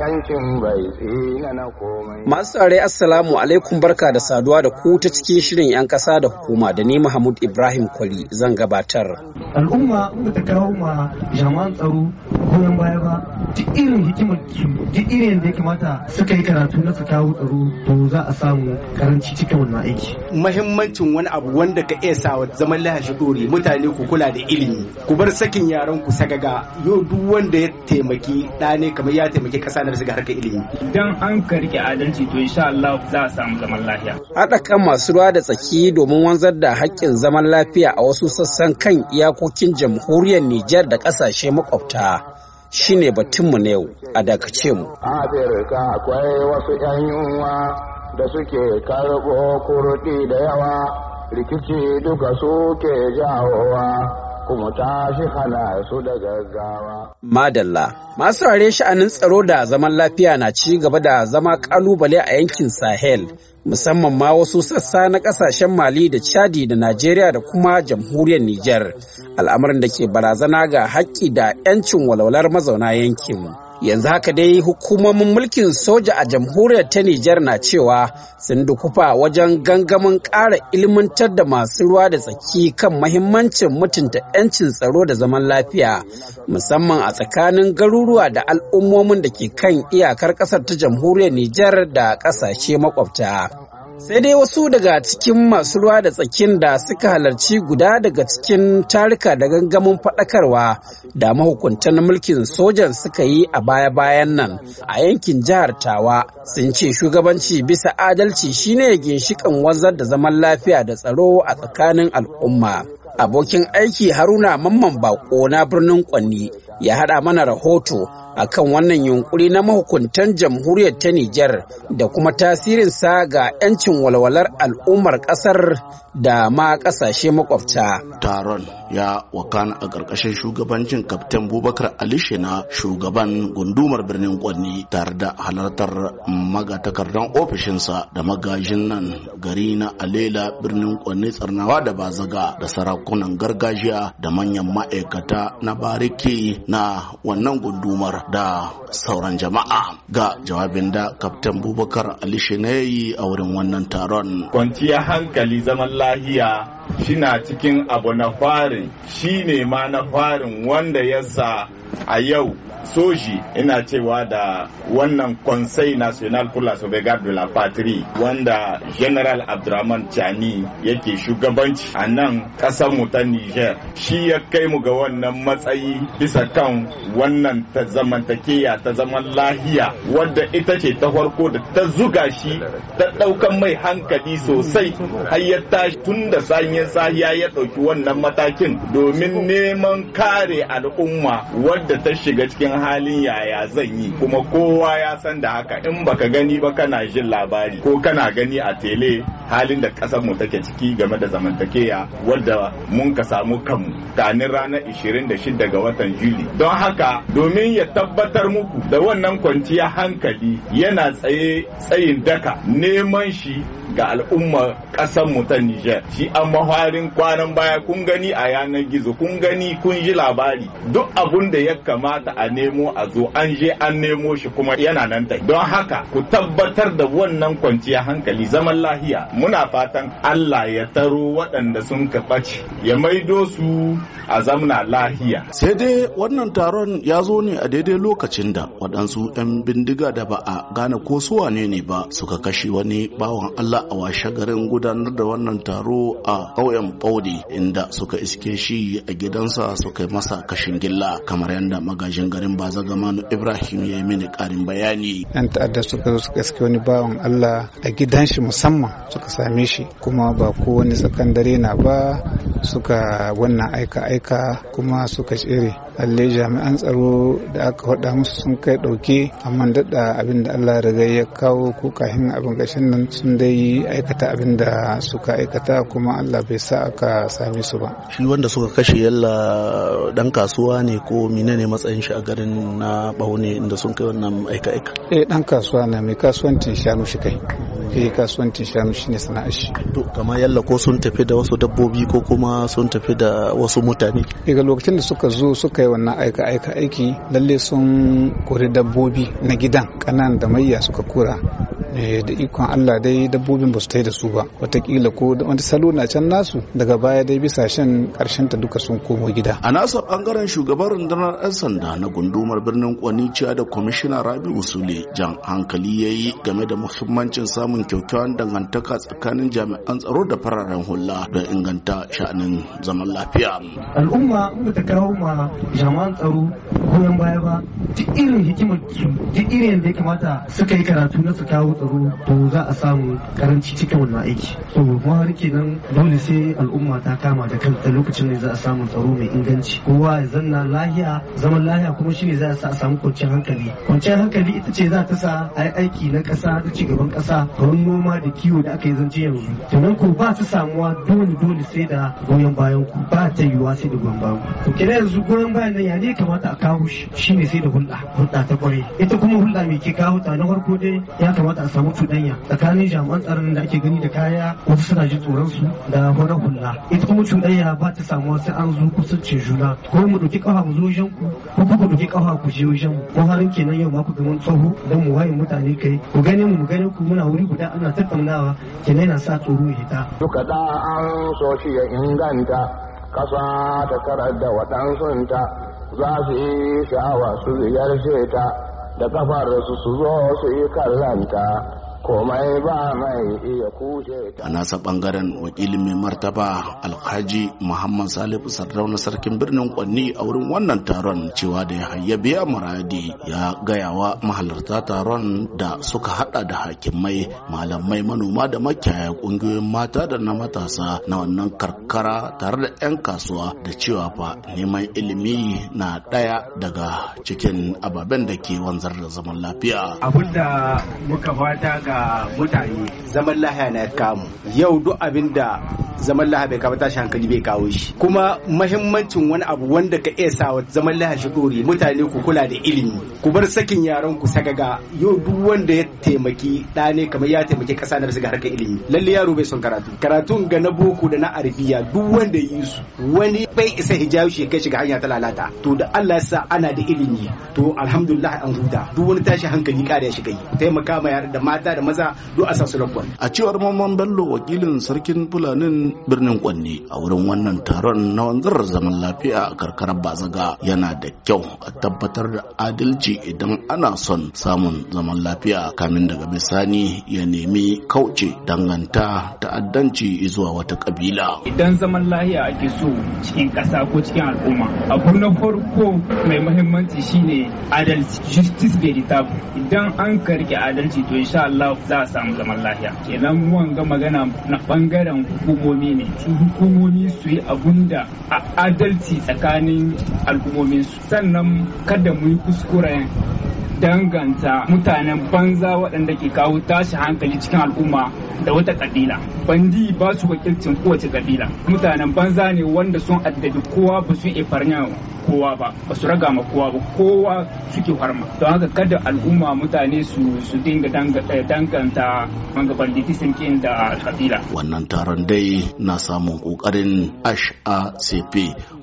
bai na komai. Masu tsare Assalamu alaikum barka da saduwa da ku ta cikin shirin 'yan ƙasa da hukuma da ni Mahmud Ibrahim Kwali zan gabatar. Al'umma ba ta kawo ma jaman tsaro goyon baya ba duk irin hikimar duk irin da ya kamata suka yi karatu na su kawo tsaro to za a samu karanci cikin wannan aiki. Mahimmancin wani abu wanda ka iya sa zaman lahashi dore mutane ku kula da ilimi ku bar sakin yaran ku sagaga yau duk wanda ya taimaki ɗane kamar ya taimaki ƙasa da su harkar ilimi idan an ka adalci to insha Allah za a samu zaman lafiya haɗa kan masu ruwa da tsaki domin wanzar da haƙƙin zaman lafiya a wasu sassan kan iyakokin jamhuriyar Nijar da ƙasashe makwabta ne batunmu na yau a dakace mu Afirka akwai wasu 'yan yunwa da suke karɓo kurɗi da yawa rikici duka suke jawowa kuma shi hana su da gaggawa. Madalla, masu rare sha'anin tsaro da zaman lafiya na ci gaba da zama kalubale a yankin Sahel, musamman ma wasu sassa na kasashen Mali da Chadi da Najeriya da kuma jamhuriyar Nijar, al'amarin da ke barazana ga haƙƙi da 'yancin walwalar mazauna yankin. yanzu haka dai hukumomin mulkin soja a jamhuriyar ta Nijar na cewa sun dukufa wajen gangamin ƙara ilmantar da masu ruwa da tsaki kan mahimmancin mutunta 'yancin tsaro da zaman lafiya musamman a tsakanin garuruwa da al'ummomin da ke kan iyakar ƙasar ta jamhuriyar Nijar da ƙasashe makwabta. sai dai wasu daga cikin masu ruwa da tsakin da suka halarci guda daga cikin tarika da gangamin faɗakarwa da mahukuntan mulkin sojan suka yi a baya-bayan nan a yankin jihar tawa sun ce shugabanci bisa adalci shine ginshikan wanzar da zaman lafiya da tsaro a tsakanin al'umma abokin aiki haruna mamman bako na birnin kwanni ya haɗa mana rahoto a kan wannan yunkuri na mahukuntan jamhuriyar ta Nijar da kuma tasirinsa ga 'yancin walwalar al'ummar ƙasar da ma ƙasashe makwabta. Taron ya wakana a ƙarƙashin shugabancin Kaftin Bubakar alishe na shugaban gundumar birnin Kwanni tare da halartar magatakardan ofishinsa da magajin nan gari na Alela birnin Kwanni tsarnawa da bazaga da sarakunan gargajiya da manyan ma'aikata na bariki na wannan gundumar da sauran jama'a ga jawabin da kaftan bubakar ali yi a wurin wannan taron kwanciya hankali zaman lahiya shina cikin abu na farin ne ma na farin wanda ya sa a yau soji ina cewa da wannan conseil national pour la sauvegarde de la patrie wanda general abdurrahman chani yake shugabanci a nan kasar ta niger shi ya kai mu ga wannan matsayi bisa kan wannan ta zamantakeya ta zaman lahiya wadda ita ce ta farko da ta zuga shi ta ɗaukan mai hankali sosai har ya tashi tun da sanyin sahiya ya ɗauki wannan matakin domin neman kare al'umma wadda ta shiga cikin cikin halin yaya zan yi kuma kowa ya san da haka in baka gani ba kana jin labari ko kana gani a tele halin da kasar mu take ciki game da zamantakeya wadda mun ka samu kanmu kanin ranar 26 ga watan Juli. Don haka domin ya tabbatar muku da wannan kwanciya hankali yana tsaye tsayin daka neman shi ga al'ummar ƙasar mu ta Nijar. Shi an maharin kwanan baya kun gani a yanar gizo kun gani kun ji labari duk abun da ya kamata a nemo a zo an je an nemo shi kuma yana nan ta. Don haka ku tabbatar da wannan kwanciya hankali zaman lahiya muna fatan Allah ya taro waɗanda sun ɓace, ya maido su a zamna lahiya. Sai dai wannan taron ya zo ne a daidai lokacin da waɗansu 'yan bindiga da ba a gane ko su wane ne ba suka kashe wani bawan Allah a washe garin gudanar da wannan taro a ƙauyen Baudi inda suka iske shi a gidansa suka masa kashin gilla kamar yadda magajin garin Bazagamanu Ibrahim ya yi mini ƙarin bayani. 'Yan ta'adda suka zo suka iske wani bawan Allah a gidan shi musamman suka same shi kuma ba kowane tsakan na ba suka wannan aika-aika kuma suka tsere lalle jami'an tsaro da aka faɗa musu sun kai ɗauke amma daɗa abinda da allah riga ya kawo ko kahin abin gashin nan sun dai aikata abin da suka aikata kuma allah bai sa aka same su ba shi wanda suka kashe yalla dan kasuwa ne ko mine ne matsayin shi a garin na bauni inda sun kai wannan aika-aika eh dan kasuwa ne mai kasuwancin shanu shi kai yi eh, kasuwancin shanu shine sana'ar shi to kamar yalla ko sun tafi da wasu dabbobi ko kuma sun tafi da wasu mutane daga lokacin da suka zo suka yi wannan aika aika aiki lalle sun kori dabbobi na gidan kanan da mayya suka kura Eh, da ikon Allah dai dabbobin ba su tai da su ba watakila ko wani salo na can nasu daga baya dai bisa shan karshen ta duka sun komo gida a nasa bangaren shugaban rundunar 'yan sanda na gundumar birnin Kwanicciya da kwamishina Rabi Usule jan hankali ya yi game da muhimmancin samun kyakkyawan dangantaka tsakanin jami'an tsaro da fararen hula don inganta sha'anin zaman lafiya al'umma ta kawo ma jami'an tsaro goyon baya ba duk irin hikimar duk irin da ya kamata suka yi karatu na su kawo tsaro to za a samu karanci cikin wannan aiki to kuma har kenan dole sai al'umma ta kama da kanta lokacin ne za a samu tsaro mai inganci kowa ya zanna lahiya zaman lahiya kuma shine za a sa a samu kwanciyar hankali kwanciyar hankali ita ce za ta sa a yi aiki na ƙasa ci gaban ƙasa kamar noma da kiwo da aka yi zance yanzu nan ko ba su samuwa dole dole sai da goyon bayan ku ba ta yiwuwa sai da goyon bayan ku kenan yanzu goyon bayan nan ya ne kamata a kawo shi shine sai da hulɗa hulɗa ta kwarai ita kuma hulɗa mai ke kawo ta na farko dai ya kamata a samu cuɗanya tsakanin jami'an tsaron da ake gani da kaya wasu suna ji tsoron su da wani hula ita kuma cuɗanya ba ta samu sai an zo ce juna ko mu ɗauki ƙafa mu zo wajen ku ko kuma ɗauki ƙafa ku je wajen mu ko harin kenan yau ma ku ga tsoho don mu waye mutane kai ku gane mu mu gane ku muna wuri guda ana tattaunawa kenan yana sa tsoro ya hita. duka da an so shi ya inganta kasa ta karar da waɗansunta za su yi sha'awa su ziyarce ta da kafarsu su zo su yi kallanta komai ba mai iya A nasa bangaren wakilin mai martaba Alhaji Muhammad Salihu Sardauna sarkin birnin Kwanni a wurin wannan taron cewa da ya biya muradi ya gayawa mahalarta taron da suka hada da hakimai malamai manoma da makiyaya kungiyoyin mata da na matasa na wannan karkara tare da 'yan kasuwa da cewa fa neman ilimi na daya daga cikin ababen da ke wanzar da zaman lafiya. abinda muka fata ga mutane zaman lahiya na kamu yau duk abin da zaman lahiya bai kawo tashi hankali bai kawo shi kuma mahimmancin wani abu wanda ka iya sa zaman lahiya shi dore mutane ku kula da ilimi ku bar sakin yaran ku sagaga yau duk wanda ya taimaki ɗa kamar ya taimaki kasa na su ga harkar ilimi lalle yaro bai son karatu karatun ga na boko da na arabiya duk wanda yi su wani bai isa hijabi shi kai shiga hanya ta lalata to da Allah ya sa ana da ilimi to alhamdulillah an huta duk wani tashi hankali kare ya shiga yi taimaka ma da mata da da maza duk a sasu a cewar mamman bello wakilin sarkin fulanin birnin kwanne a wurin wannan taron na wanzar zaman lafiya a karkarar bazaga yana da kyau a tabbatar da adalci idan ana son samun zaman lafiya kamin daga bisani ya nemi kauce danganta ta'addanci zuwa wata kabila idan zaman lafiya ake so cikin ƙasa ko cikin al'umma abu na farko mai muhimmanci shine adalci justice veritable idan an karki adalci to insha Allah za a samu zaman lafiya kenan wanga magana na bangaren hukumomi ne su hukumomi su yi abun da a adalci tsakanin al'ummomin su sannan kada mu yi kuskuren danganta mutanen banza waɗanda ke kawo tashi hankali cikin al'umma da wata kabila bandi ba su wakilcin kowace kabila mutanen banza ne wanda sun addabi kowa ba su iya kowa ba ba su raga ma kowa ba kowa suke harma don haka kada al'umma mutane su su dinga eh, danganta manga banditism kin da kabila wannan taron dai na samun kokarin HACP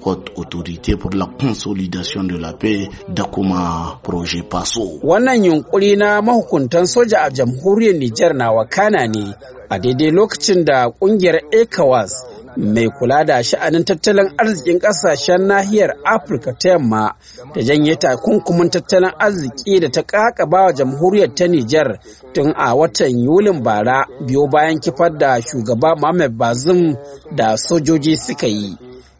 hot Autorité pour la Consolidation de la Paix da kuma Projet PASO wannan yunkuri na mahukuntan soja a jamhuriyar Nijar na wakana ne a daidai lokacin da kungiyar ECOWAS mai kula da sha'anin tattalin arzikin kasashen nahiyar afirka ta yamma da janye takunkumin tattalin arziki da ta kakaba wa jamhuriyar ta nijar tun a watan yulin bara biyo bayan kifar da shugaba mohamed bazum da sojoji suka yi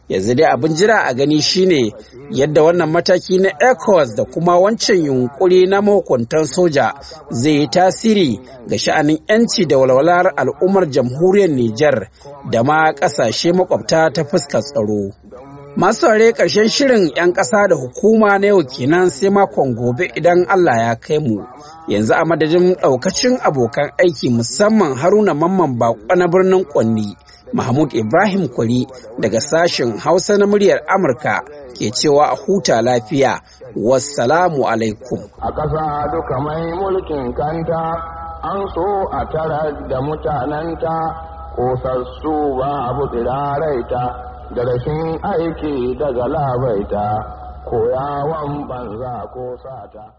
yanzu dai abin jira a gani shine yadda wannan mataki na ecowas da kuma wancan yunkuri na mahukuntan soja zai yi tasiri ga sha'anin 'yanci da walwalar al'ummar jamhuriyar Nijar da ma ƙasashe makwabta ta fuskar tsaro masu ware ƙarshen shirin 'yan ƙasa da hukuma na yau kenan sai makon gobe idan allah ya kai mu yanzu a madadin ɗaukacin abokan aiki musamman haruna mamman bako na birnin kwanni Mahmud Ibrahim Kwari daga sashen Hausa na muryar Amurka ke cewa a huta lafiya. Wassalamu alaikum. A ƙasa duka mai mulkin kanta an so a tara da mutanenta kosassu ba abu tsiraraita da rashin aiki daga labaita koyawan banza ko sata.